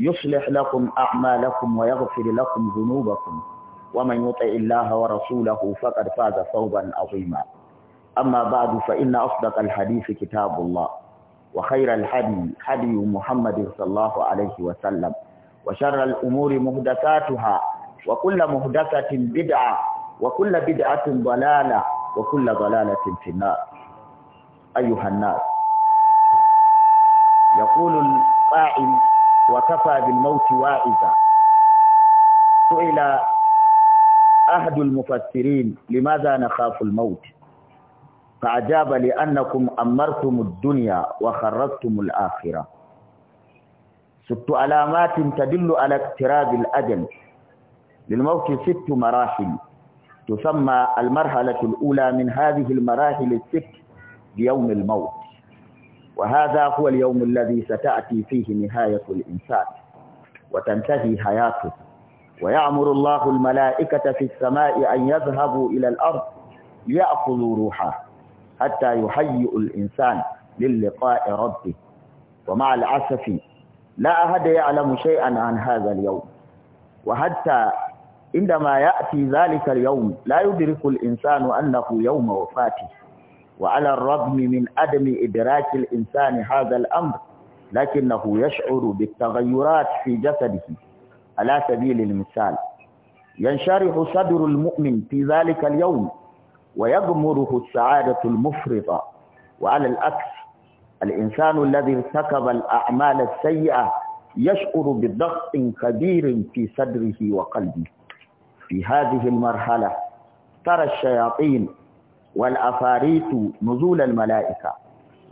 يصلح لكم أعمالكم ويغفر لكم ذنوبكم ومن يطع الله ورسوله فقد فاز فوزا عظيما أما بعد فإن أصدق الحديث كتاب الله وخير الحدي حدي محمد صلى الله عليه وسلم وشر الأمور مهدساتها وكل مهدسة بدعة وكل بدعة ضلالة وكل ضلالة في النار أيها الناس يقول القائل وكفى بالموت واعزا سئل أحد المفسرين لماذا نخاف الموت فأجاب لأنكم أمرتم الدنيا وخرجتم الآخرة ست علامات تدل على اقتراب الأجل للموت ست مراحل تسمى المرحلة الأولى من هذه المراحل الست بيوم الموت وهذا هو اليوم الذي ستأتي فيه نهاية الإنسان وتنتهي حياته ويعمر الله الملائكة في السماء أن يذهبوا إلى الأرض ليأخذوا روحه حتى يحيئ الإنسان للقاء ربه ومع الأسف لا أحد يعلم شيئا عن هذا اليوم وحتى عندما يأتي ذلك اليوم لا يدرك الإنسان أنه يوم وفاته وعلى الرغم من عدم إدراك الإنسان هذا الأمر لكنه يشعر بالتغيرات في جسده على سبيل المثال ينشرح صدر المؤمن في ذلك اليوم ويغمره السعادة المفرطة وعلى العكس الإنسان الذي ارتكب الأعمال السيئة يشعر بضغط كبير في صدره وقلبه في هذه المرحلة ترى الشياطين والأفاريت نزول الملائكة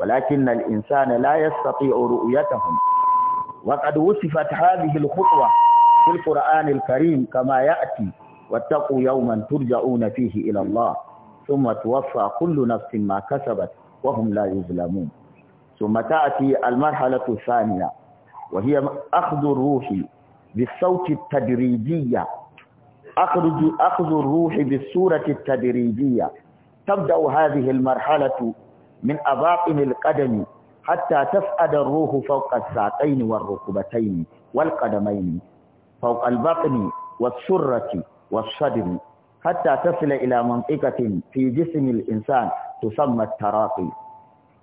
ولكن الإنسان لا يستطيع رؤيتهم وقد وصفت هذه الخطوة في القرآن الكريم كما يأتي واتقوا يوما ترجعون فيه إلى الله ثم توفى كل نفس ما كسبت وهم لا يظلمون ثم تأتي المرحلة الثانية وهي أخذ الروح بالصوت التدريجية أخذ, أخذ الروح بالصورة التدريجية تبدأ هذه المرحلة من أباطن القدم حتى تفقد الروح فوق الساقين والركبتين والقدمين فوق البطن والسرة والصدر حتى تصل إلى منطقة في جسم الإنسان تسمى التراقي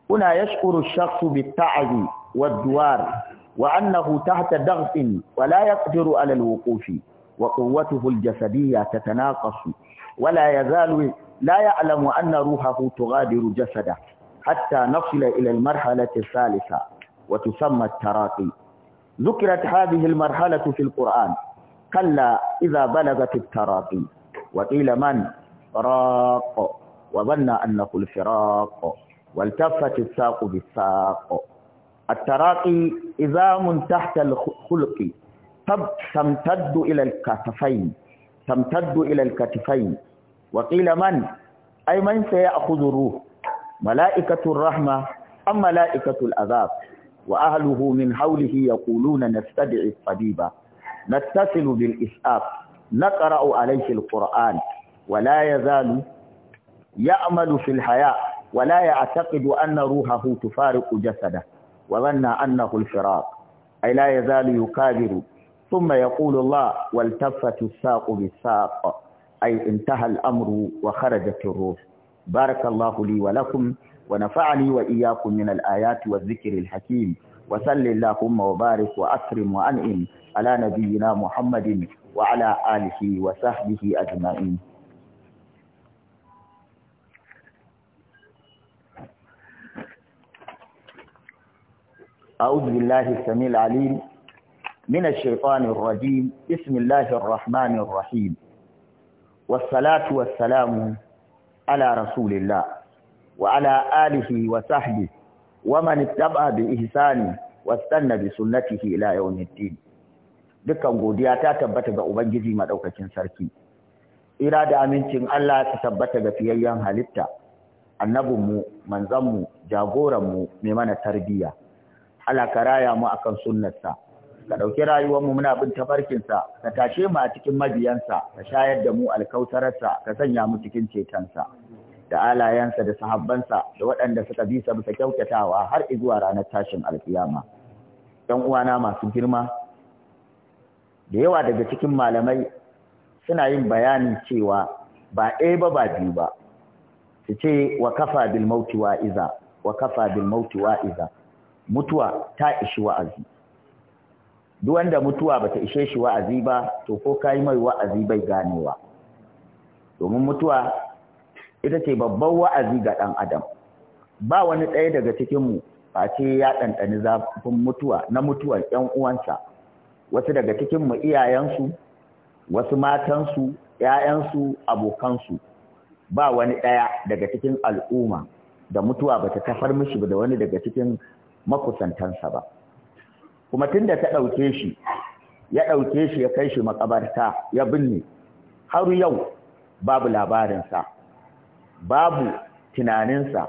هنا يشعر الشخص بالتعب والدوار وأنه تحت ضغط ولا يقدر على الوقوف وقوته الجسدية تتناقص ولا يزال لا يعلم أن روحه تغادر جسده حتى نصل إلى المرحلة الثالثة وتسمى التراقي ذكرت هذه المرحلة في القرآن كلا إذا بلغت التراقي وقيل من راق وظن أنه الفراق والتفت الساق بالساق التراقي إذام تحت الخلق تمتد إلى الكتفين تمتد إلى الكتفين وقيل من أي من سيأخذ الروح ملائكة الرحمة أم ملائكة العذاب وأهله من حوله يقولون نستدعي الطبيب نتصل بالإسعاف نقرأ عليه القرآن ولا يزال يأمل في الحياة ولا يعتقد أن روحه تفارق جسده وظن أنه الفراق أي لا يزال يكابر ثم يقول الله والتفت الساق بالساق أي انتهى الأمر وخرجت الروح بارك الله لي ولكم ونفعني وإياكم من الآيات والذكر الحكيم وسل اللهم وبارك وأكرم وأنعم على نبينا محمد وعلى آله وصحبه أجمعين أعوذ بالله السميع العليم من الشيطان الرجيم بسم الله الرحمن الرحيم والصلاة والسلام على رسول الله وعلى آله وصحبه ومن اتبع بإحسان واستنى بسنته إلى يوم الدين dukkan godiya ta tabbata ga Ubangiji maɗaukakin sarki ira da amincin Allah ta tabbata ga fiyayyen halitta annabinmu manzanmu jagoranmu mai mana tarbiyya Allah karaya mu akan sunnarsa ka ɗauki rayuwarmu muna bin tafarkinsa, ka tashe mu a cikin mabiyansa, ka shayar da mu alkautararsa, ka sanya mu cikin cetonsa, da alayensa da sahabbansa da waɗanda suka bisa bisa kyautatawa har izuwa ranar tashin alkiyama. ‘Yan uwana masu girma, da yawa daga cikin malamai suna yin bayanin cewa ba ɗaya ba ba biyu ba, su ce wa kafa bil iza, iza, mutuwa ta ishi wa'azi. duk wanda mutuwa bata ishe shi wa'azi ba to ko kai mai wa'azi bai ganewa domin mutuwa ita ce babban wa'azi ga dan adam ba wani ɗaya daga cikin mu face ya ɗanɗani zafin mutuwa na mutuwar ƴan uwansa wasu daga cikin mu iyayensu wasu matansu ƴaƴansu abokansu ba wani ɗaya daga cikin al'umma da mutuwa bata kafar mishi da wani daga cikin makusantansa ba kuma tunda ta ɗauke shi ya ɗauke shi ya kai shi makabarta ya binne har yau babu labarinsa babu tunaninsa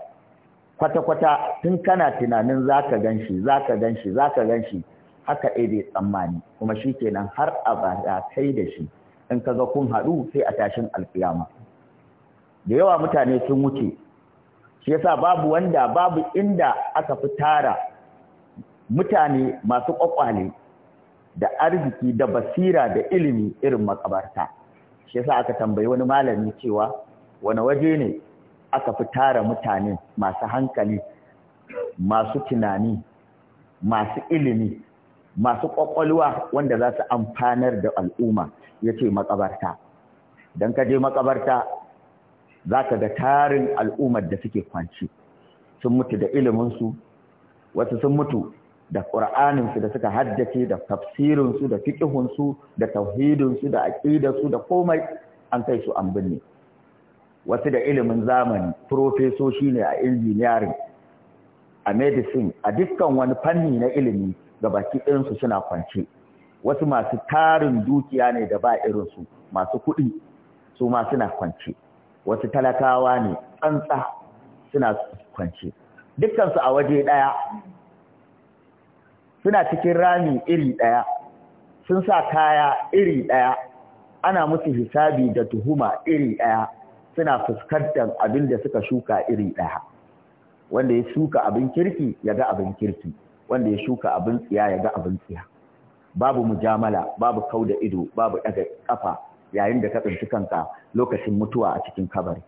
kwata-kwata tun kana tunanin za ka gan shi za ka gan shi za ka gan shi haka ɗaya tsammani kuma shi kenan har a kai da shi in ka ga kun haɗu sai a tashin alfiyama da yawa mutane sun wuce shi yasa babu wanda babu inda aka fi tara mutane masu ƙwaƙwale da arziki da basira da ilimi irin makabarta shi yasa aka tambayi wani malami cewa wani waje ne aka fi tara mutane masu hankali masu tunani masu ilimi masu ƙwaƙwalwa wanda za su amfanar da al'umma ya ce makabarta don ka je makabarta za ka ga tarin al'ummar da suke kwanci sun mutu da iliminsu wasu sun mutu da ƙur'aninsu da suka haddace da tafsirinsu da fiƙihunsu da tauhidinsu da aƙidarsu da komai an kai su an binne wasu da ilimin zamani profesoshi ne a engineering a medicine a dukkan wani fanni na ilimi ga baki ɗinsu suna kwance wasu masu tarin dukiya ne da ba irinsu masu kuɗi su ma suna kwance wasu talakawa ne tsantsa suna kwance dukkansu a waje ɗaya suna cikin rami iri ɗaya sun sa kaya iri ɗaya ana musu hisabi da tuhuma iri ɗaya suna fuskantar abin da suka shuka iri ɗaya wanda ya shuka abin kirki ya ga abin kirki wanda ya shuka abin tsiya ya ga abin tsiya babu mujamala babu kau da ido babu ɗaga ƙafa yayin da ka tsinci kanka lokacin mutuwa a cikin kabari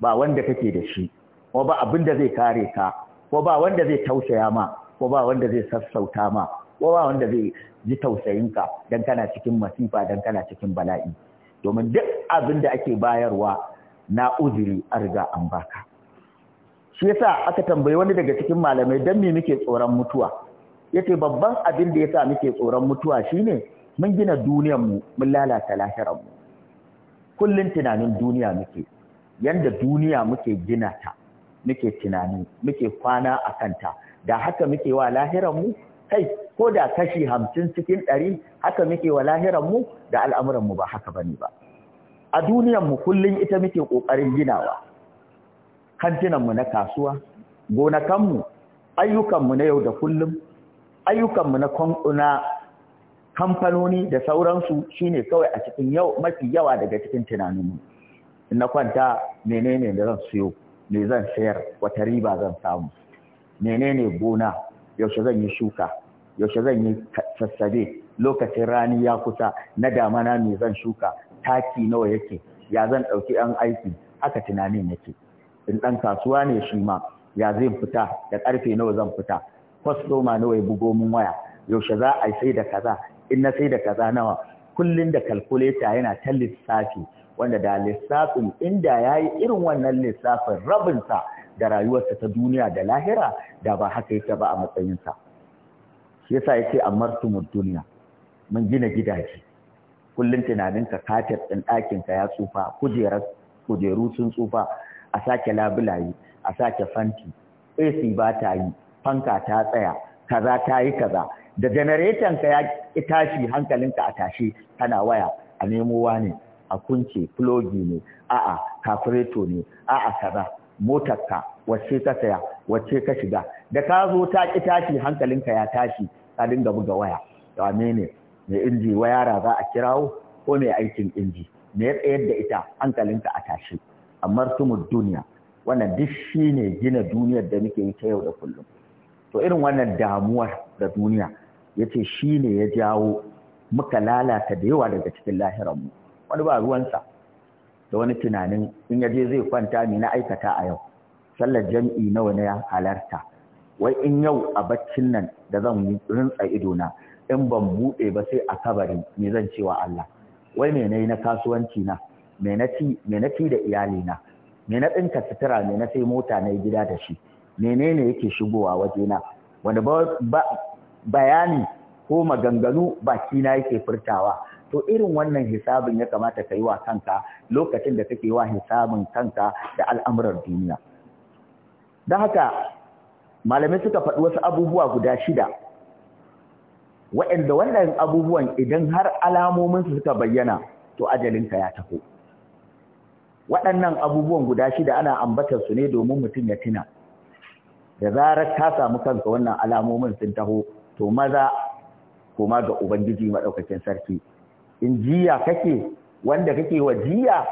ba wanda kake da shi ko ba abin da zai kare ka ko ba wanda zai tausaya ma ko ba wanda zai sassauta ma ko ba wanda zai ji tausayinka dan kana cikin masifa dan kana cikin bala'i domin duk abin da ake bayarwa na uzuri a riga an baka shi yasa aka tambayi wani daga cikin malamai dan me muke tsoron mutuwa yace babban abin da yasa muke tsoron mutuwa shine mun gina duniyar mu mun lalata lahirar mu kullun tunanin duniya muke yanda duniya muke gina ta muke tunani muke kwana a kanta da haka muke wa lahiran mu kai ko da kashi hamsin cikin ɗari haka muke wa lahiran mu da al'amuran mu ba haka bane ba a duniyan mu kullun ita muke kokarin ginawa kantinan mu na kasuwa gonakanmu, ayyukanmu na yau da kullum ayyukanmu na kwankuna kamfanoni da sauransu shine kawai a cikin yau mafi yawa daga cikin tunaninmu na kwanta menene da zan siyo me zan sayar wata riba zan samu menene gona yaushe zan yi shuka yaushe zan yi sassabe lokacin rani ya kusa na damana me zan shuka taki nawa yake ya zan ɗauki 'yan aiki haka tunanin yake in ɗan kasuwa ne shi ma ya zai fita da ƙarfe nawa zan fita kwastoma nawa ya bugo min waya yaushe za a sai da kaza in na sai da kaza nawa kullum da kalkuleta yana ta lissafi wanda da lissafin inda ya yi irin wannan lissafin rabinsa da rayuwarsa ta duniya da lahira da ba haka yake ba a matsayinsa shi yasa yace mu duniya mun gina gidaje kullun ka katet ɗin ɗakin ka ya tsufa kujerar kujeru sun tsufa a sake labulaye a sake fanti AC ba ta yi fanka ta tsaya kaza ta yi kaza da janareton ka ya tashi hankalinka a tashi kana waya a nemo ne a kunce fulogi ne a'a kafireto ne a'a kaza motarka wacce ka saya wacce ka shiga da ka zo ta ki tashi hankalinka ya tashi ka dinga buga waya da ne mai inji wayara za a kirawo ko mai aikin inji me ya tsayar da ita hankalinka a tashi amma mu duniya wannan duk shine gina duniyar da muke yi ta yau da kullum to irin wannan damuwar da duniya yace shine ya jawo muka lalata da yawa daga cikin lahiranmu wani ba ruwansa da wani tunanin in ya je zai kwanta ne na aikata a yau sallar jam'i nawa na halarta wai in yau a baccin nan da zan rintsa idona in ban buɗe ba sai a kabari me zan wa Allah wai me na kasuwanci na me na ci me na ci da iyali na me na ɗinka sutura me na sai mota na gida da shi menene yake shigowa wajena wanda ba bayani ko maganganu baki na yake furtawa to irin wannan hisabin ya kamata ka yi wa kanka lokacin da kake wa hisabin kanka da al'amuran duniya don haka malamai suka faɗi wasu abubuwa guda shida waɗanda wannan abubuwan idan har alamominsu suka bayyana to ajalinka ya taho waɗannan abubuwan guda shida ana ambatar su ne domin mutum ya tuna da zarar ka samu kanka wannan alamomin sun taho to maza koma ga ubangiji maɗaukakin sarki in jiya kake wanda kake wa jiya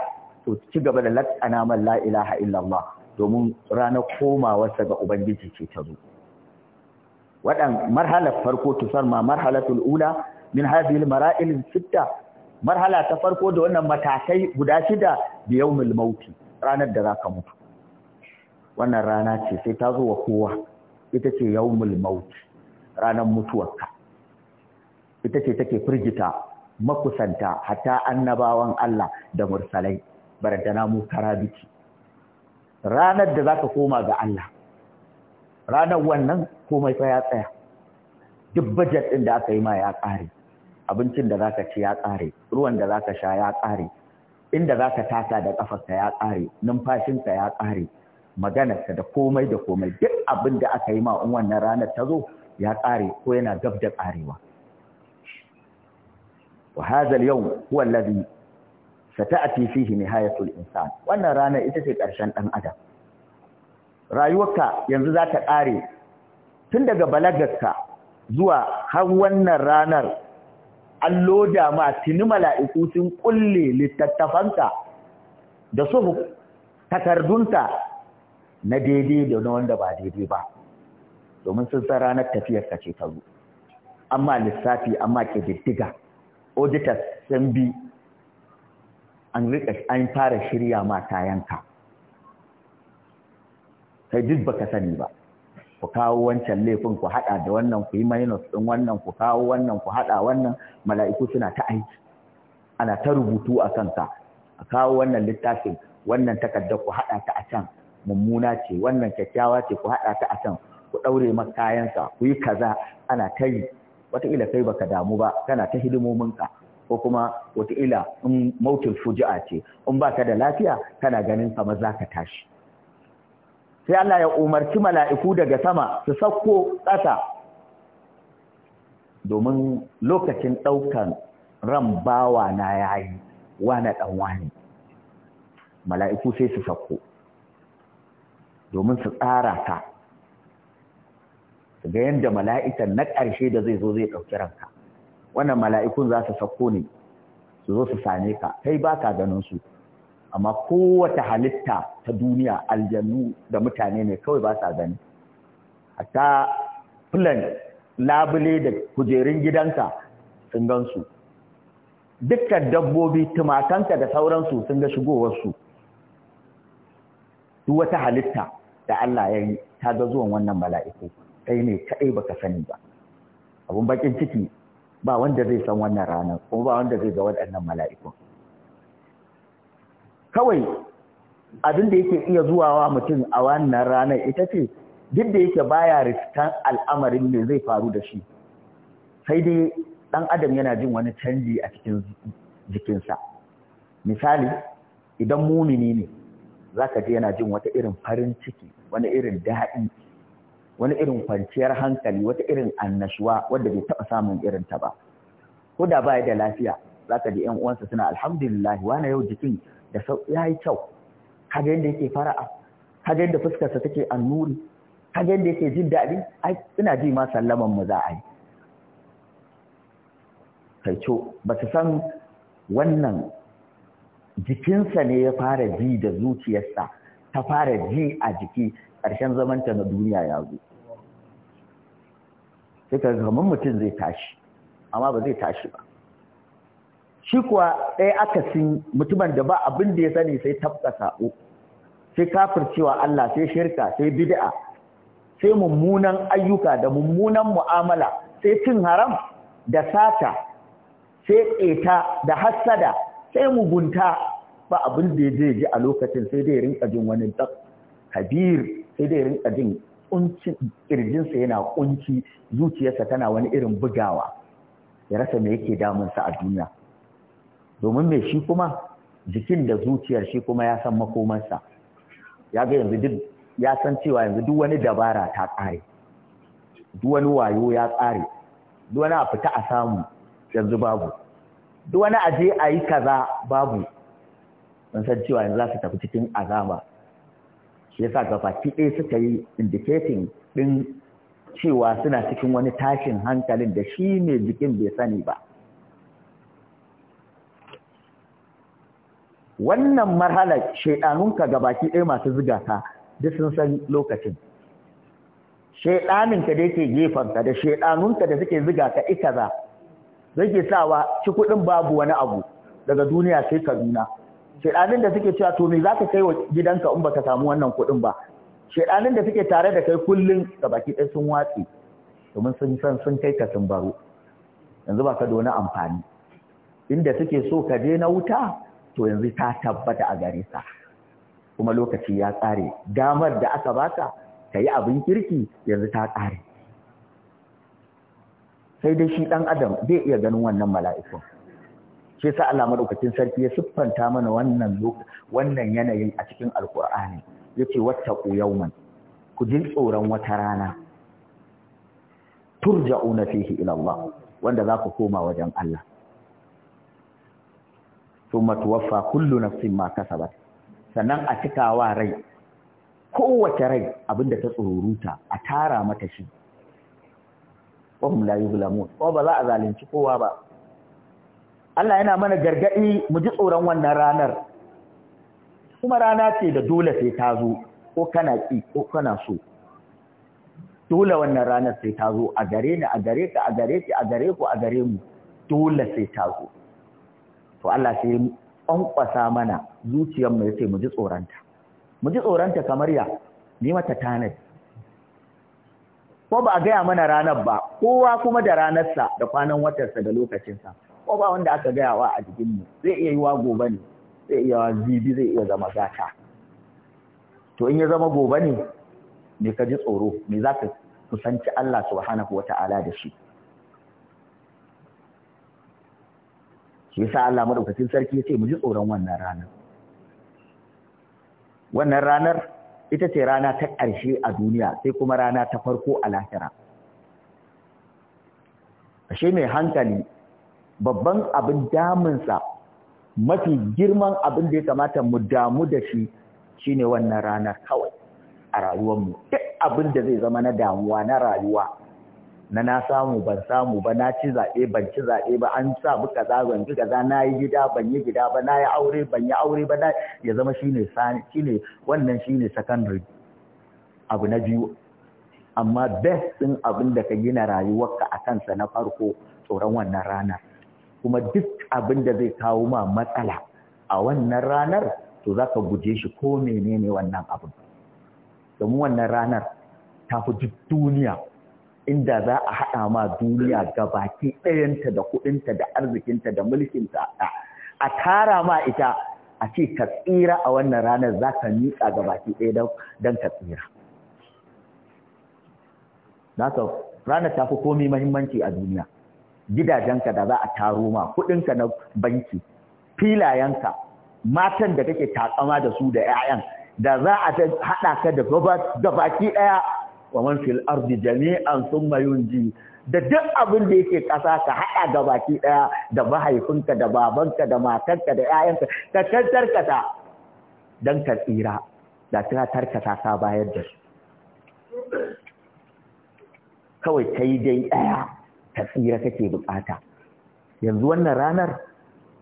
to ci gaba da latsana man la ilaha illallah domin ranar komawarsa ga ubangiji ce ta zo waɗan marhalar farko tusar ma marhalatul ula min hadhihi almara'il sitta marhala ta farko da wannan matakai guda shida da yawmil mauti ranar da zaka mutu wannan rana ce sai ta zo wa kowa ita ce yawmul mauti ranar mutuwarka ita ce take firgita makusanta hatta annabawan Allah da mursalai na mu karabiki ranar da zaka koma ga Allah ranar wannan komai fa ya tsaya duk budget din da aka yi ma ya kare abincin da zaka ci ya kare ruwan da zaka sha ya kare inda zaka taka da kafarka ya kare numfashinka ya kare maganarka da komai da komai duk abin da aka yi ma in wannan ranar ta zo ya kare ko yana gab da karewa وهذا اليوم هو الذي ستأتي فيه نهاية الإنسان wannan ranar ita ce ƙarshen ɗan adam rayuwarka yanzu za ta ƙare tun daga balagarka zuwa har wannan ranar an loda ma tuni mala'iku sun kulle littattafanka da su takardunka na daidai da na wanda ba daidai ba domin sun san ranar tafiyarka ce ta zo amma lissafi amma ƙididdiga auditors sun bi an riƙa an fara shirya ma yanka kai duk baka sani ba ku kawo wancan laifin ku haɗa da wannan ku yi minus ɗin wannan ku kawo wannan ku haɗa wannan mala'iku suna ta aiki ana ta rubutu a kanka a kawo wannan littafin wannan takardar ku haɗa ta a can mummuna ce wannan kyakkyawa ce ku haɗa ta a can ku ɗaure makayansa, kayansa ku yi kaza ana ta yi wataƙila kai baka damu ba kana ta hidimomin ka. ko kuma wataƙila in mautul fuji'a ce in baka da lafiya kana ganin kama za ka tashi sai Allah ya umarci mala'iku daga sama su sauko ƙasa domin lokacin ɗaukan ran bawa na yayi wane ɗan wani mala'iku sai su sauko domin su tsara ta ga yadda mala'ikan na ƙarshe da zai zo zai ɗauki ranka wannan mala'ikun za su sako ne su zo su same ka kai ba ka ganin amma kowace halitta ta duniya aljannu da mutane ne kawai ba sa gani hatta fulan labule da kujerun gidanka sun gansu dukkan dabbobi tumatanka da sauransu sun ga shigowarsu duk wata halitta da Allah ya yi ta ga zuwan wannan mala'iku kai ne kaɗai baka sani ba abun bakin ciki ba wanda zai san wannan rana, kuma ba wanda zai ga waɗannan mala'ikun kawai abin da yake iya zuwawa mutum a wannan rana ita ce duk da yake baya riskan al'amarin ne zai faru da shi sai dai ɗan adam yana jin wani canji a cikin jikinsa misali idan mumini ne za ka ji yana jin wata irin farin ciki wani irin daɗi wani irin kwanciyar hankali wata irin annashuwa wadda bai taɓa samun irin ta ba ko da baya da lafiya zaka ji 'yan uwansa suna alhamdulillah wani yau jikin da sau ya yi kyau kaga yadda yake fara'a kaga yadda fuskarsa take annuri kaga yadda yake jin daɗi ai ina ji ma sallaman mu za a yi kaico ba su san wannan jikinsa ne ya fara ji da zuciyarsa ta fara ji a jiki ƙarshen zamanta na duniya ya zo sai ka mutum zai tashi amma ba zai tashi ba shi kuwa ɗaya aka sin mutumin da ba abin da ya sani sai tabka sa'o sai cewa Allah sai shirka sai bid'a sai mummunan ayyuka da mummunan mu'amala sai cin haram da sata sai ƙeta da hassada sai mugunta ba abin da ya je a lokacin sai dai rinka jin wani dak kabir sai dai rinka jin Ƙirjinsa kirjinsa yana kunci zuciyarsa tana wani irin bugawa ya rasa me yake damunsa a duniya domin me shi kuma jikin da zuciyar shi kuma ya san makomarsa ya ga yanzu duk ya san cewa yanzu duk wani dabara ta ƙare duk wani wayo ya ƙare duk wani a fita a samu yanzu babu duk wani aje a yi kaza babu san cewa yanzu za su tafi cikin azama. shi yasa gabaki ɗaya suka yi indicating ɗin cewa suna cikin wani tashin hankalin da shi ne jikin bai sani ba wannan marhala shaidanunka gabaki ɗaya masu ziga ka duk sun san lokacin Shaiɗanunka da yake gefanka da shaidanunka da suke ziga ka ikaza zai sawa ci kuɗin babu wani abu daga duniya sai kaduna shedanin da suke cewa to me zaka kai wa gidanka in baka samu wannan kuɗin ba shedanin da suke tare da kai kullum da baki ɗaya sun watsi domin sun san sun kai ka sun baro yanzu ba ka da wani amfani inda suke so ka je na wuta to yanzu ta tabbata a gare sa kuma lokaci ya tsare damar da aka baka ka yi abin kirki yanzu ta tsare sai dai shi ɗan adam zai iya ganin wannan mala'ikun shi yasa Allah madaukakin sarki ya siffanta mana wannan wannan yanayin a cikin alkur'ani yace wattaqu yawman ku ji tsoron wata rana turja'una fihi ila Allah wanda za ku koma wajen Allah thumma tuwaffa kullu nafsin ma kasabat sannan a cika wa rai kowace rai abinda ta tsoruta a tara mata shi wahum la yuzlamun ko ba za a zalunci kowa ba Allah yana mana gargaɗi mu ji tsoron wannan ranar kuma rana ce da dole sai ta zo ko kana ki ko kana so dole wannan ranar sai ta zo a gare ni a gare ka a gare ki a gare ku a gare mu dole sai ta zo to Allah sai ƙwanƙwasa mana zuciyar mu yace mu ji tsoronta. mu ji tsoronta kamar ya ni mata tanad ko ba a gaya mana ranar ba kowa kuma da ranarsa da kwanan watarsa da lokacinsa ko wanda aka gayawa a jikinmu zai iya yi wa gobe ne zai iya wa zibi zai iya zama gata to in ya zama gobe ne me ka ji tsoro me za ka kusanci Allah subhanahu wa ta'ala da shi shi yasa Allah madaukakin sarki ya ce mu ji tsoron wannan ranar wannan ranar ita ce rana ta ƙarshe a duniya sai kuma rana ta farko a lahira ashe mai hankali babban abin damunsa mafi girman abin da ya kamata mu damu da shi shine wannan ranar kawai a rayuwarmu duk abin da zai zama na damuwa na rayuwa na na samu ban samu ba na ci zaɓe ban ci zaɓe ba an sa mu kaza ban ci kaza na yi gida ban yi gida ba na yi aure ban yi aure ba na ya zama shine shine wannan shine secondary abu na biyu amma best ɗin abin da ka gina rayuwarka a kansa na farko tsoron wannan ranar kuma duk abin da zai kawo ma matsala a wannan ranar to za ka guje shi ko menene wannan abin domin wannan ranar ta fi duk duniya inda za a haɗa ma duniya baki ɗayanta da kuɗinta da arzikinta da mulkinta a tara ma ita a ce ka tsira a wannan ranar za ka miƙa gabaki ɗaya don ka tsira ranar ta fi komi mahimmanci a duniya. gidajenka da za a taro ma kuɗinka na banki filayenka matan da kake takama da su da 'ya'yan da za a haɗa ka da gabaki ɗaya wa man fil ardi jami'an thumma yunji da duk abin da yake ƙasa ka haɗa gabaki ɗaya da mahaifinka da babanka da matanka, da 'ya'yanka ka ta don ka tsira da ta tarkata ka bayar da su kawai ta yi dai ɗaya ta take bukata yanzu wannan ranar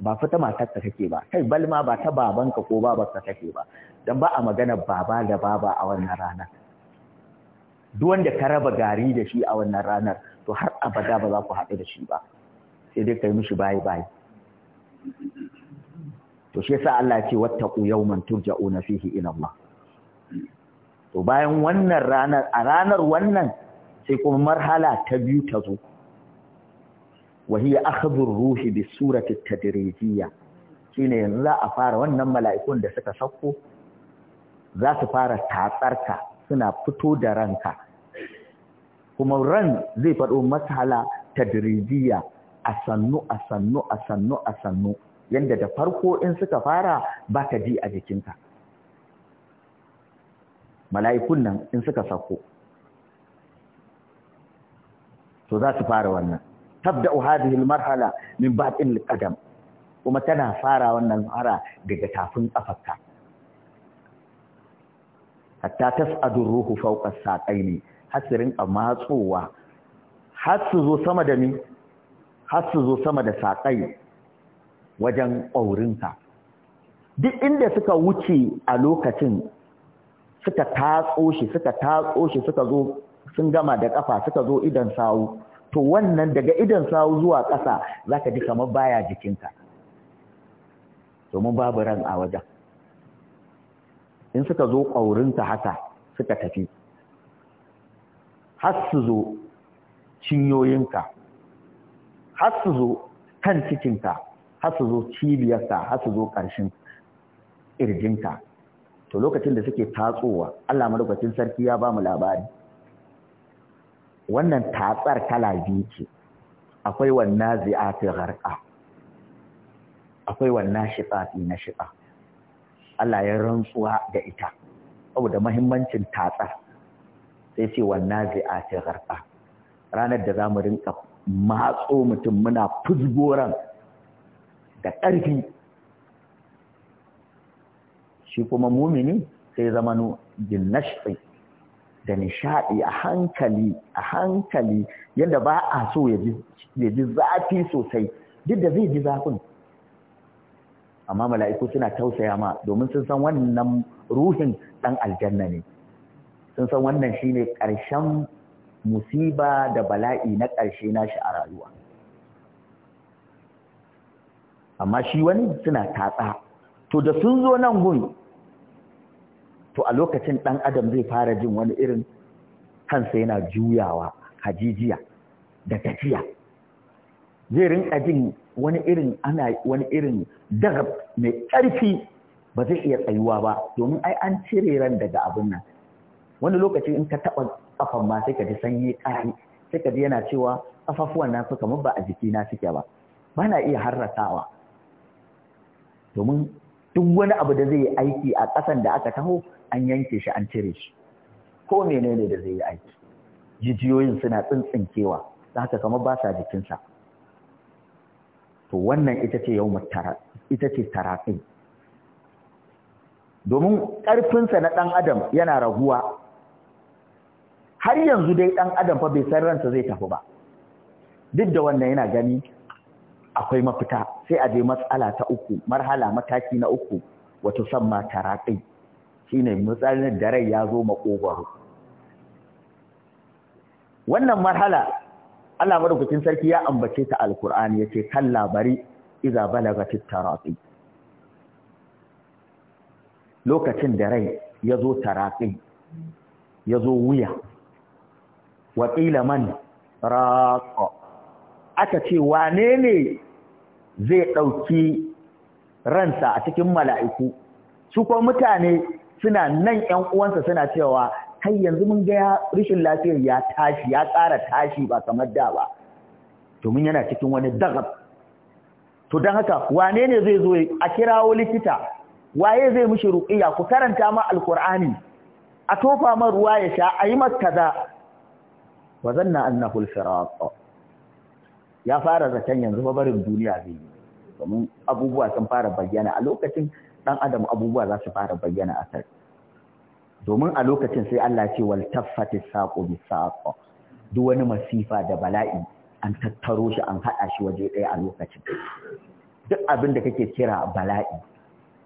ba fa ta matarka take ba kai balma ba ta babanka ko ka take ba dan ba a magana baba da baba a wannan ranar duk wanda ka raba gari da shi a wannan ranar to har abada ba za ku haɗu da shi ba sai dai kai mishi bayi bayi to shi yasa Allah ya ce wattaqu yawman turja'una fihi ila Allah to bayan wannan ranar a ranar wannan sai kuma marhala ta biyu ta zo wa hiya akhdhu ruhi bi surati tadrijiyya shine yanzu za a fara wannan mala'ikun da suka sako? za su fara tatsarka suna fito da ranka kuma ran zai faɗo masala tadrijiya a sannu a sannu a sannu a sannu yadda da farko in suka fara baka ji a jikinka mala'ikun nan in suka sako to za su fara wannan tabda hadhihi almarhala min batin alqadam kuma tana fara wannan fara daga tafin kafarka hatta tas'adu ruhu fawqa saqaini hasirin amatsuwa har su zo sama da ni har su zo sama da saƙai wajen aurinka? duk inda suka wuce a lokacin suka tatso shi suka tatso shi suka zo sun gama da ƙafa suka zo idan sawu to wannan daga idan sawu zuwa ƙasa za ka ji kamar baya jikinka domin babu ran a wajen in suka zo ƙaurinta haka suka tafi har su zo cinyoyinka har su zo kan cikinka har su zo cibiyarka har su zo ƙarshen ƙirjinka to lokacin da suke tatsowa Allah madaukakin sarki ya ba mu labari wannan tatsar kala biyu ce akwai wannan zi'atul gharqa akwai wannan shiqafi na shifa Allah ya rantsuwa da ita saboda muhimmancin tatsar sai ce wannan zi'atul gharqa ranar da zamu rinka matso mutum muna fuzgoran da ƙarfi shi kuma mumini sai zamanu bin nashfi da nishaɗi a hankali a hankali yadda ba a so ya ji zafi sosai duk da zai ji zafin amma mala'iku suna tausaya ma domin sun san wannan ruhin ɗan aljanna ne sun san wannan shi ne ƙarshen musiba da bala'i na ƙarshe nashi a rayuwa amma shi wani suna tatsa to da sun zo nan gun to a lokacin ɗan adam zai fara jin wani irin kansa yana juyawa hajijiya da tafiya zai rinka jin wani irin ana wani irin daga mai ƙarfi ba zai iya tsayuwa ba domin ai an cire ran daga abin nan wani lokaci in ka taɓa ƙafan ma sai ka ji sanyi ƙari sai ka ji yana cewa ƙafafuwan nan su kamar ba a na suke ba ba na iya harrasawa domin duk wani abu da zai yi aiki a ƙasan da aka taho an yanke shi an cire shi ko menene da zai yi aiki jijiyoyin suna tsintsinkewa da haka kamar ba sa jikinsa to wannan ita ce yau ita ce taraƙi domin ƙarfinsa na ɗan adam yana raguwa har yanzu dai ɗan adam fa bai san ransa zai tafi ba duk da wannan yana gani akwai mafita sai a je matsala ta uku marhala mataki na uku wato samma taraƙi shine mutsarin da rai ya zo makogwaro wannan marhala Allah madaukakin sarki ya ambace ta alkur'ani yace kan labari iza balagatit taraqi lokacin da rai ya zo taraqi ya zo wuya wa qila man raqa aka ce wane ne zai dauki ransa a cikin mala'iku su ko mutane suna nan ‘yan uwansa suna cewa kai yanzu mun ga rashin lafiyar ya tashi ya ƙara tashi ba kamar da ba domin yana cikin wani dagab to dan haka wane ne zai zo a kirawo likita waye zai mishi ruqiya ku karanta ma alqur'ani a tofa ma ruwa ya sha ayi makaza wa zanna annahu alfiraq ya fara zaton yanzu fa barin duniya zai domin abubuwa sun fara bayyana a lokacin ɗan adam abubuwa za su fara bayyana a kai domin a lokacin sai Allah ce waltaffati taffati saqu bi saqo duk wani masifa da bala'i an tattaro shi an haɗa shi waje ɗaya a lokacin duk abin da kake kira bala'i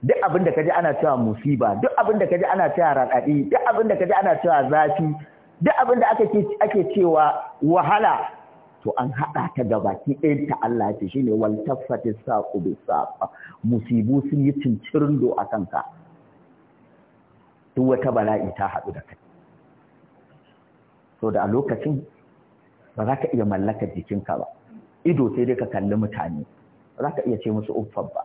duk abin da kaji ana cewa musiba duk abin da kaji ana cewa raɗaɗi duk abin da kaji ana cewa zafi duk abin da ake ake cewa wahala to an haɗa ta baki ɗayan ta Allah ce shi wal tafati saqu bi saq musibu sun yi cincirin do a kanka duk wata bala'i ta haɗu da kai so da a lokacin ba za ka iya mallaka jikinka ba ido sai dai ka kalli mutane ba za ka iya ce musu uffan ba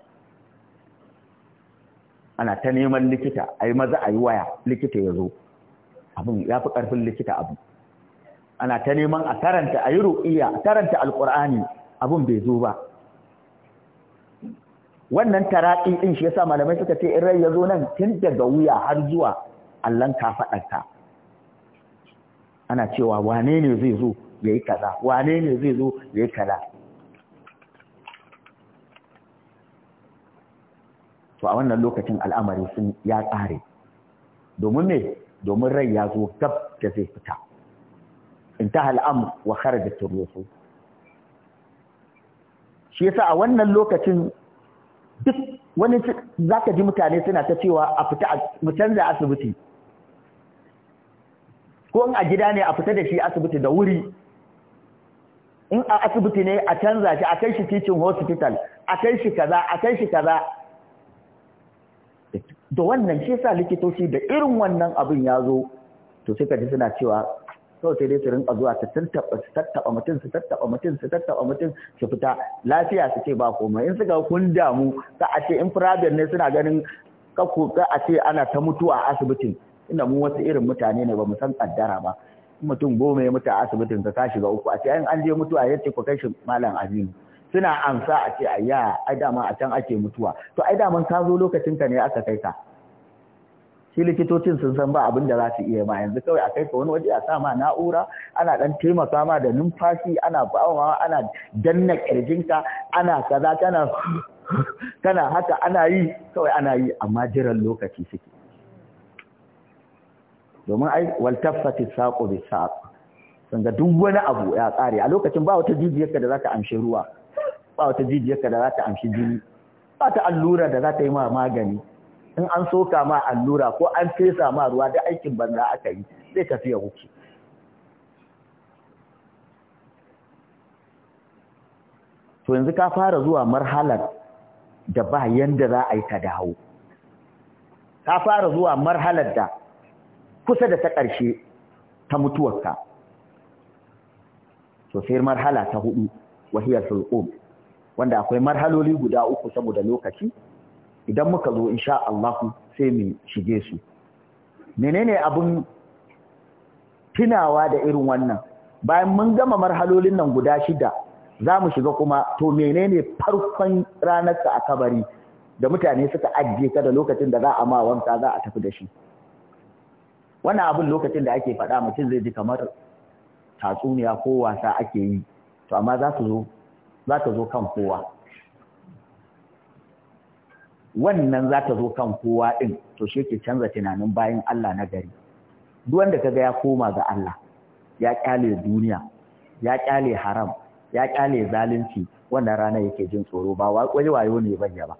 ana ta neman likita ai maza a yi waya likita ya zo abin ya fi ƙarfin likita abu. ana ta neman a karanta a yi ru'iya karanta alƙur'ani abin bai zo ba wannan taraƙi ɗin shi yasa malamai suka ce in rai ya zo nan tun daga wuya har zuwa allon kafaɗarka ana cewa wane ne zai zo ya yi kaza wane ne zai zo ya yi kaza to a wannan lokacin al'amari sun ya ƙare domin ne domin rai ya zo gab da zai fita intaha al'amr wa kharajat ar-ruhu shi yasa a wannan lokacin duk wani zaka ji mutane suna ta cewa a fita mu canza asibiti ko in a gida ne a fita da shi asibiti da wuri in a asibiti ne a canza shi a kai shi teaching hospital a kai shi kaza a kai shi kaza da wannan shi yasa likitoci da irin wannan abin ya zo to sai ka ji suna cewa Sau sai dai su rinka zuwa su tattaɓa mutum su tattaɓa mutum su tattaɓa mutum su fita lafiya su ce ba komai in suka kun damu ka a ce in firabiyar ne suna ganin kakku ka a ce ana ta mutuwa a asibitin inda mu wasu irin mutane ne ba mu san kaddara ba mutum goma ya mutu a asibitin ka kashi ga uku a ce an je mutuwa ya ce ku kai shi malam aminu suna amsa a ce ayya ai dama a can ake mutuwa to ai daman ka zo lokacin ka ne aka kai ka shi likitocin sun san ba abin da za su iya ma yanzu kawai a kai ka wani waje a sa ma na'ura ana dan taimaka ma da numfashi ana bawa ana danna kirjinka ana kaza kana kana haka ana yi kawai ana yi amma jiran lokaci suke domin ai tafati saqu bi saq san ga duk wani abu ya tsare a lokacin ba wata ka da za ta amshi ruwa ba wata ka da za ta amshi jini ba ta allura da za ta yi ma magani in an soka ma allura ko an fesa ma ruwa da aikin banza aka yi sai ka fiye wuce to yanzu ka fara zuwa marhalar da ba yanda za a yi ka dawo ka fara zuwa marhalar da kusa da ta ƙarshe ta mutuwarka to sai marhala ta hudu wahiyar sulqum wanda akwai marhaloli guda uku saboda lokaci idan muka zo in sha Allah sai mu shige su menene abun tunawa da irin wannan bayan mun gama marhalolin nan guda shida za mu shiga kuma to menene farkon ranar ka a kabari da mutane suka ajiye ka da lokacin da za a ma wanka za a tafi da shi wannan abin lokacin da ake faɗa mutum zai ji kamar tatsuniya ko wasa ake yi to amma za ta zo kan kowa wannan za ta zo kan kowa ɗin to shi ke canza tunanin bayan Allah na gari duk wanda ga ya koma ga Allah ya kyale duniya ya ƙyale haram ya ƙyale zalunci wannan rana yake jin tsoro ba wai wayo ne ba ba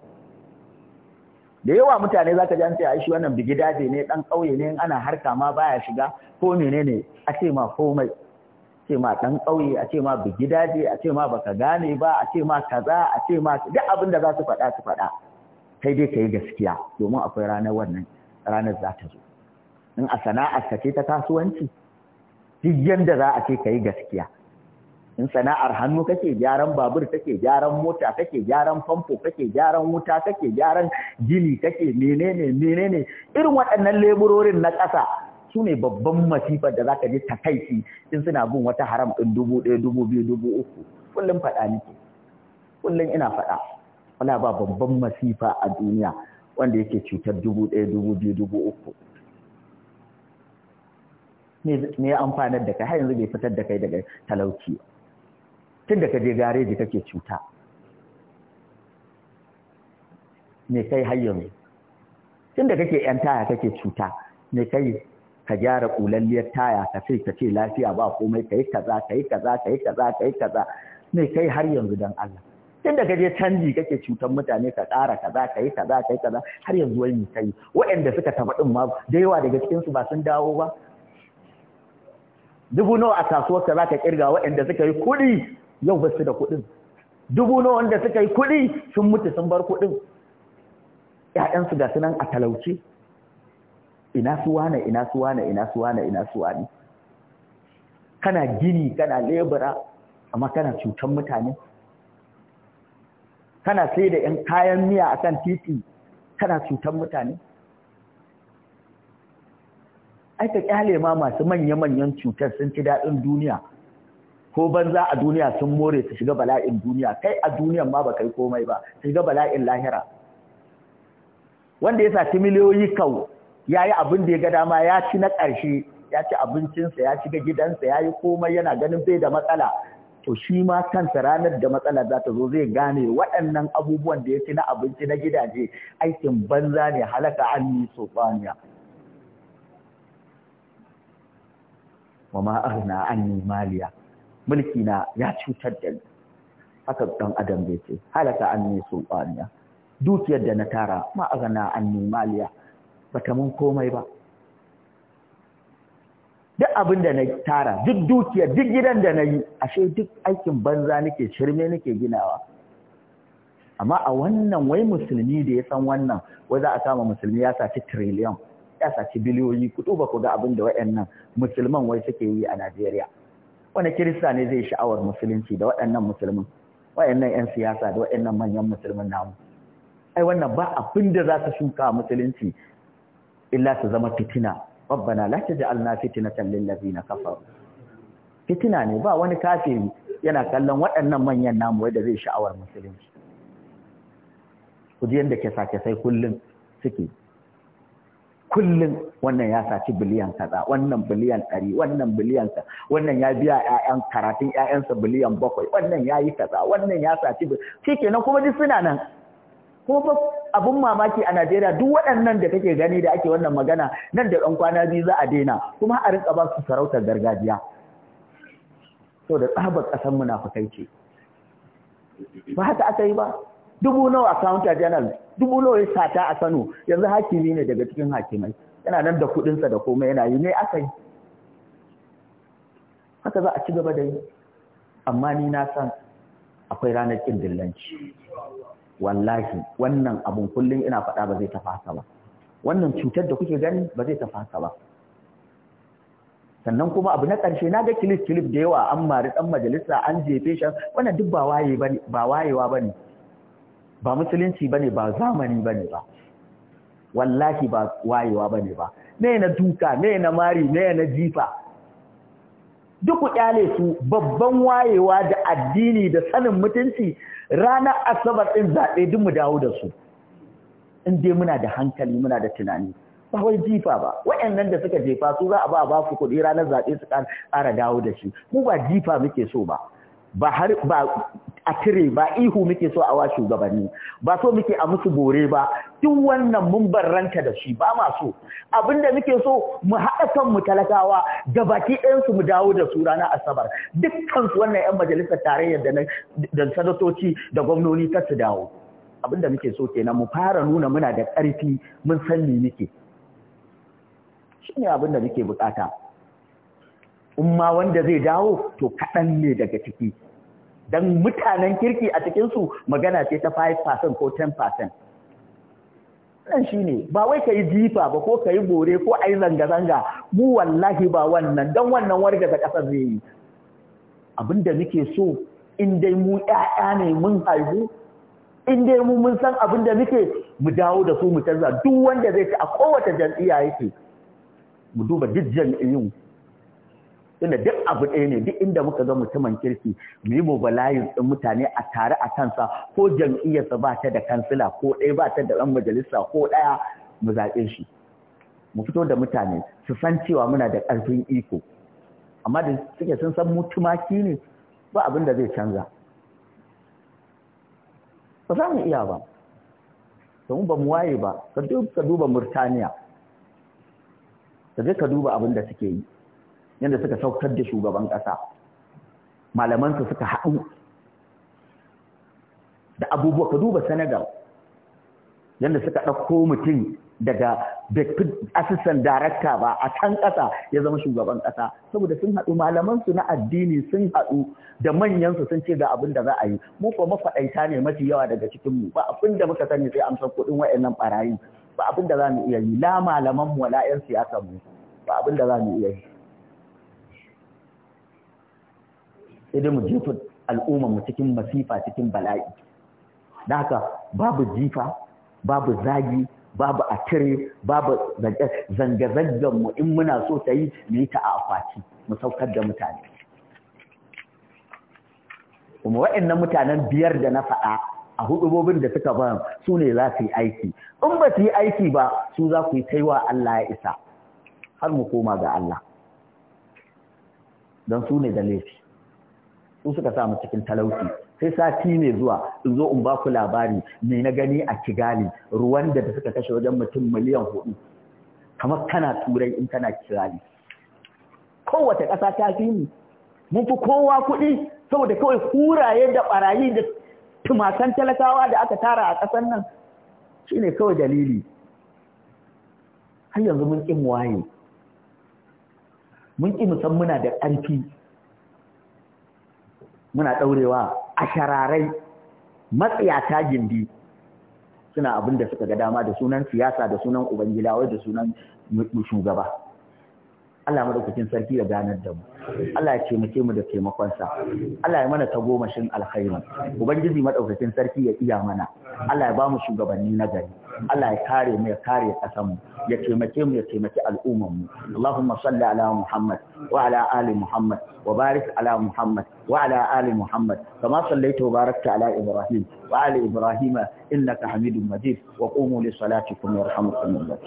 da yawa mutane zaka ji an ce shi wannan bigidaje ne dan kauye ne ana harka ma baya shiga ko menene a ce ma komai A ce ma ɗan ƙauye a ce ma bigidaje a ce ma baka gane ba a ce ma kaza a ce ma duk abin da za su faɗa su faɗa sai dai ka yi gaskiya domin akwai ranar wannan ranar za ta zo in a sana'ar ka ce ta kasuwanci duk yadda za a ce ka yi gaskiya in sana'ar hannu kake gyaran babur kake gyaran mota kake gyaran famfo kake gyaran wuta kake gyaran gini kake menene menene irin waɗannan leburorin na ƙasa su ne babban masifar da zaka kai takaici in suna bin wata haram ɗin dubu ɗaya dubu biyu dubu uku kullum faɗa nake kullum ina faɗa wala ba babban masifa a duniya wanda yake cutar dubu ɗaya dubu biyu dubu uku ne ya amfanar da kai har yanzu bai fitar da kai daga talauci tun da ka je gareji kake cuta me kai har yanzu tun da kake yan taya kake cuta me kai ka gyara kulalliyar taya ka sai ka ce lafiya ba komai ka yi kaza ka yi kaza ka yi kaza ka yi kaza me kai har yanzu don Allah inda ka je canji kake cutar mutane ka ƙara kaza ka yi kaza ka yi kaza har yanzu wani ka yi waɗanda suka tafi ɗin ma da yawa daga cikinsu ba sun dawo ba dubu nawa a kasuwar ka za ka ƙirga waɗanda suka yi kuɗi yau ba su da kuɗin dubu nawa wanda suka yi kuɗi sun mutu sun bar kuɗin ‘ya'yansu ga sunan a talauce ina su wane ina su wane ina su wane ina su wane kana gini kana lebura amma kana cutar mutane kana sai da 'yan kayan miya a kan titi kana cutar mutane ai ka kyale ma masu manya-manyan cutar sun ci daɗin duniya ko banza a duniya sun more su shiga bala'in duniya kai a duniyan ma ba kai komai ba su shiga bala'in lahira wanda ya saci miliyoyi kau ya yi abin da ya ga dama ya ci na ƙarshe ya ci abincinsa ya shiga gidansa ya yi komai yana ganin bai da matsala to shi ma kansa ranar da matsala za ta zo zai gane waɗannan abubuwan da ya ci na abinci na gidaje aikin banza ne halaka an yi sofaniya wa na an yi maliya mulki na ya cutar da ni haka ɗan adam bai ce halaka an yi sofaniya dukiyar da na tara na an yi maliya bata mun komai ba duk abin da na tara duk dukiya duk gidan da na yi ashe duk aikin banza nake shirme nake ginawa amma a wannan wai musulmi da ya san wannan wai za a kama musulmi ya saci trillion ya saci biliyoyi kudu ba ku ga abin da waɗannan musulman wai suke yi a Najeriya wani kirista ne zai sha'awar musulunci da waɗannan musulmin waɗannan 'yan siyasa da waɗannan manyan musulmin namu ai wannan ba abin da za su shuka musulunci illa su zama fitina rabbana la taj'alna fitnatan lil ladina kafaru fitina ne ba wani kafiri yana kallon waɗannan manyan namu wanda zai sha'awar musulunci ku ji yanda ke sake sai kullun suke kullum wannan ya saci biliyan kaza wannan biliyan ɗari wannan biliyan kaza wannan ya biya ƴaƴan karatun ƴaƴansa biliyan bakwai wannan ya yi kaza wannan ya saci shi kenan kuma duk suna nan ko ba abun mamaki a Najeriya duk waɗannan da kake gani da ake wannan magana nan da ɗan kwana biyu za a daina kuma a rinka ba su sarautar gargajiya to da tsabar ƙasar munafukai ce ba haka aka yi ba dubu nawa accountant general dubu nawa ya sata a Kano yanzu hakimi ne daga cikin hakimai yana nan da kuɗinsa da komai yana yi ne aka yi haka za a ci gaba da yi amma ni na san akwai ranar ƙin dillanci wallahi wannan abun kullum ina faɗa ba zai tafasa ba wannan cutar da kuke gani ba zai tafasa ba sannan kuma abu na ƙarshe na ga kilif kilif da yawa an mari ɗan majalisa an jefe shi wannan duk ba wayewa ba ne ba musulunci ba ne ba zamani ba ne ba wallahi ba wayewa ba ne ba me na duka me na mari me na jifa duk ku su babban wayewa da addini da sanin mutunci ranar asabar ɗin zaɓe duk mu dawo da su in dai muna da hankali muna da tunani ba wai jifa ba wayannan da suka jefa su za a ba ba su kuɗi ranar zaɓe su ƙara dawo da shi mu ba jifa muke so ba ba har ba a cire ba ihu muke so a wa shugabanni ba so muke a musu bore ba duk wannan mun barranta da shi ba ma so abinda muke so mu haɗa kan mu talakawa da baki ɗayan su mu dawo da su ranar asabar dukkan su wannan yan majalisar tarayya da da sanatoci da gwamnoni ta su dawo abinda muke so kenan mu fara nuna muna da ƙarfi mun san me muke shine abinda muke bukata Umma wanda zai dawo to kaɗan ne daga ciki don mutanen kirki a cikinsu magana ce ta 5% ko 10%. Nan shi ne, ba wai ka yi jifa ba ko ka yi bore ko a zanga-zanga, mu wallahi ba wannan, don wannan wargaza ƙasar zai yi. Abin da muke so, in dai mu ‘ya'ya ne mun haihu, in dai mu mun san abin da muke, mu dawo da su mu canza duk wanda zai ci a kowace jam'iyya yake. Mu duba duk jam'iyyun tunda duk abu ɗaya ne duk inda muka ga mutumin kirki mu yi ɗin mutane a tare a kansa ko jam'iyyarsa ba ta da kansila ko ɗaya ba ta da ɗan majalisa ko ɗaya mu zaɓe shi mu fito da mutane su san cewa muna da ƙarfin iko amma da suke sun san mu tumaki ne ba abin da zai canza ba za mu iya ba domin ba mu waye ba ka duba murtaniya ka je ka duba abin da suke yi yadda suka saukar da shugaban ƙasa malamansu suka haɗu da abubuwa ka duba senegal yadda suka ɗauko mutum daga asistan darakta ba a can ƙasa ya zama shugaban ƙasa saboda sun haɗu malamansu na addini sun haɗu da manyansu sun ce ga abin da za a yi mu kuma mafaɗaita ne mafi yawa daga cikinmu ba abin da muka sani sai amsar kuɗin wa'annan ɓarayin ba abin da za mu iya yi la malaman mu la 'yan siyasar mu ba abin da za mu iya yi sai dai mu jefa al'umma mu cikin masifa cikin bala'i da haka babu jifa babu zagi babu atire babu zanga-zangar mu in muna so ta yi mu yi ta a akwati mu saukar da mutane kuma waɗannan mutanen biyar da na faɗa a hudubobin da suka ban su ne za su yi aiki in ba su yi aiki ba su za ku yi taiwa Allah ya isa har mu koma ga Allah don su ne da laifi su suka sa mu cikin talauci sai sati ne zuwa in zo in ba ku labari me na gani a Kigali ruwan da suka kashe wajen mutum miliyan hudu kamar kana turai in kana Kigali kowace ƙasa ta fi ni. mun fi kowa kuɗi saboda kawai kuraye da barayi da tumakan talakawa da aka tara a ƙasan nan shine kawai dalili har yanzu mun waye mun ƙi san muna da ƙarfi muna ɗaurewa a shararai matsiyata gindi suna abin da suka ga dama da sunan siyasa da sunan ubangilawa da sunan shugaba Allah madaukakin sarki ya ganar da mu Allah ya taimake mu da taimakonsa Allah ya mana tagomashin alkhairi ubangiji madaukakin sarki ya iya mana Allah ya ba mu shugabanni na gari Allah ya kare mu ya kare kasan mu ya taimake mu ya taimaki al'umman mu Allahumma salli ala Muhammad wa ala ali Muhammad wa barik ala Muhammad wa ala ali Muhammad kama sallaita wa barakta ala Ibrahim wa ali Ibrahim innaka Hamidum Majid wa qumu li salatikum yarhamukumullah